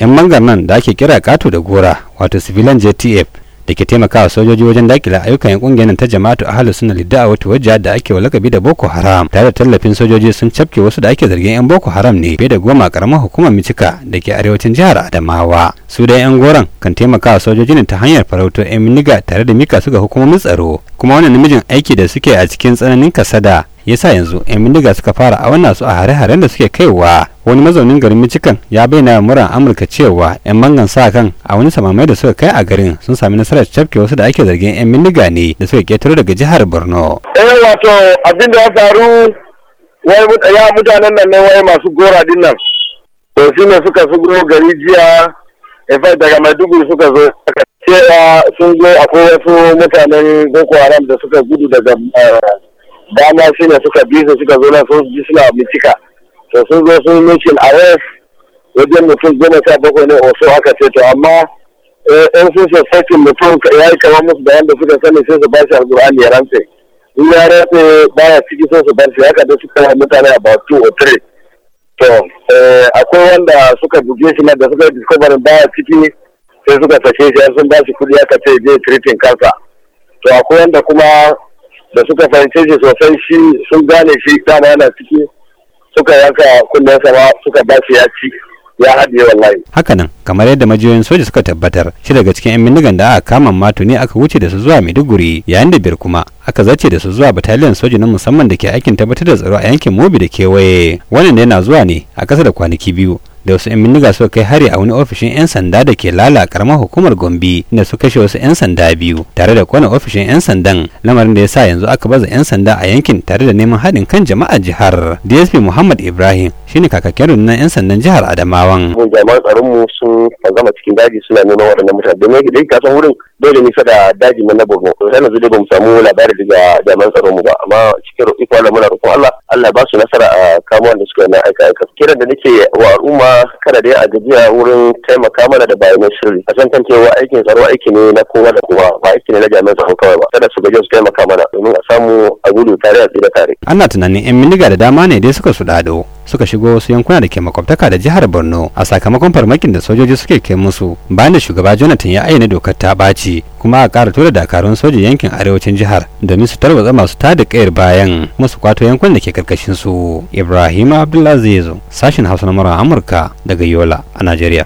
'yan mangar nan da ake kira kato da gora wato civilian jtf da ke taimakawa sojoji wajen dakila ayyukan yan kungiyar ta jama'atu a halin suna lidda wata wajja da ake lakabi da boko haram tare da tallafin sojoji sun cafke wasu da ake zargin yan boko haram ne fiye da goma karamar hukumar micika da ke arewacin jihar adamawa su da yan goran kan taimakawa sojoji ne ta hanyar farauto yan miniga tare da mika su ga hukumomin tsaro kuma wannan namijin aiki da suke a cikin tsananin kasada yasa yanzu yan bindiga suka fara auna su a hare-haren da suke kaiwa wani mazaunin garin michigan ya bayyana muran amurka cewa 'yan mangan sa kan a wani samamai da suka kai a garin sun sami nasarar cafke wasu da ake zargin 'yan bindiga ne da suka ketaro daga jihar borno eh wato abin da ya faru wai ya mutanen nan ne wai masu gora din nan to shi ne suka shigo gari jiya in fact daga maiduguri suka zo cewa sun zo akwai wasu mutanen boko haram da suka gudu daga eh, dama shi ne suka bi su suka zo na sun ji suna bincika to sun zo sun mikin arrest wajen mutum goma sha bakwai ne oso haka ce to amma eh, in sun sakin mutum ya yi kama musu bayan da suka sani sai su ba shi alƙur'ani ya rantse in ya rantse ya ciki sai su bar shi haka da suka yi mutane about two or three to eh, akwai wanda suka buge shi da suka discovery ya ciki sai suka sake shi sun ba shi kuɗi aka ce je treating kansa to akwai wanda kuma da suka fahimce shi sosai shi sun gane shi dama yana ciki suka yanka kullum sama suka ba su ya ci ya haɗe wallahi. Hakanan kamar yadda majiyoyin soja suka tabbatar shi daga cikin 'yan bindigan da aka kama mato ne aka wuce da su zuwa Maiduguri yayin da biyar kuma aka zace da su zuwa bataliyan soja na musamman da ke aikin tabbatar da tsaro a yankin Mobi da kewaye wannan da yana zuwa ne a kasa da kwanaki biyu da wasu 'yan bindiga suka kai hari a wani ofishin 'yan sanda da ke lala karamar hukumar gombe da su kashe wasu 'yan sanda biyu tare da kona ofishin 'yan sandan lamarin da ya sa yanzu aka baza 'yan sanda a yankin tare da neman haɗin kan jama'a jihar dsp muhammad ibrahim shine kakakken rundunar 'yan sandan jihar adamawan. jami'an tsaron mu sun zama cikin daji suna neman waɗannan mutane domin da ka kasan wurin dole nisa da daji na borno sai yanzu dai ba mu samu labari daga jami'an tsaron mu ba amma cikin ikon muna roƙon allah allah ba su kama da suka wannan aika aika kiran da nake wa al'umma kada dai a gajiya wurin taimaka mana da bayanan sirri a san tantancewa aikin tsaro aiki ne na kowa da kowa ba aiki ne na jami'an tsaro kawai ba kada su gajiya su taimaka mana domin a samu a gudu tare a tsira tare ana tunanin yan miniga da dama ne dai suka su dado suka shigo wasu yankuna da ke makwabtaka da jihar borno a sakamakon farmakin da sojoji suke kai musu bayan da shugaba jonathan ya aina dokar ta ɓaci kuma a ƙara tura dakarun sojin yankin arewacin jihar domin su tarwatsa masu tada kayar bayan kuma su kwato yankunan da ke karkashin su ibrahim abdulaziz sashin hausa na amurka daga yola a najeriya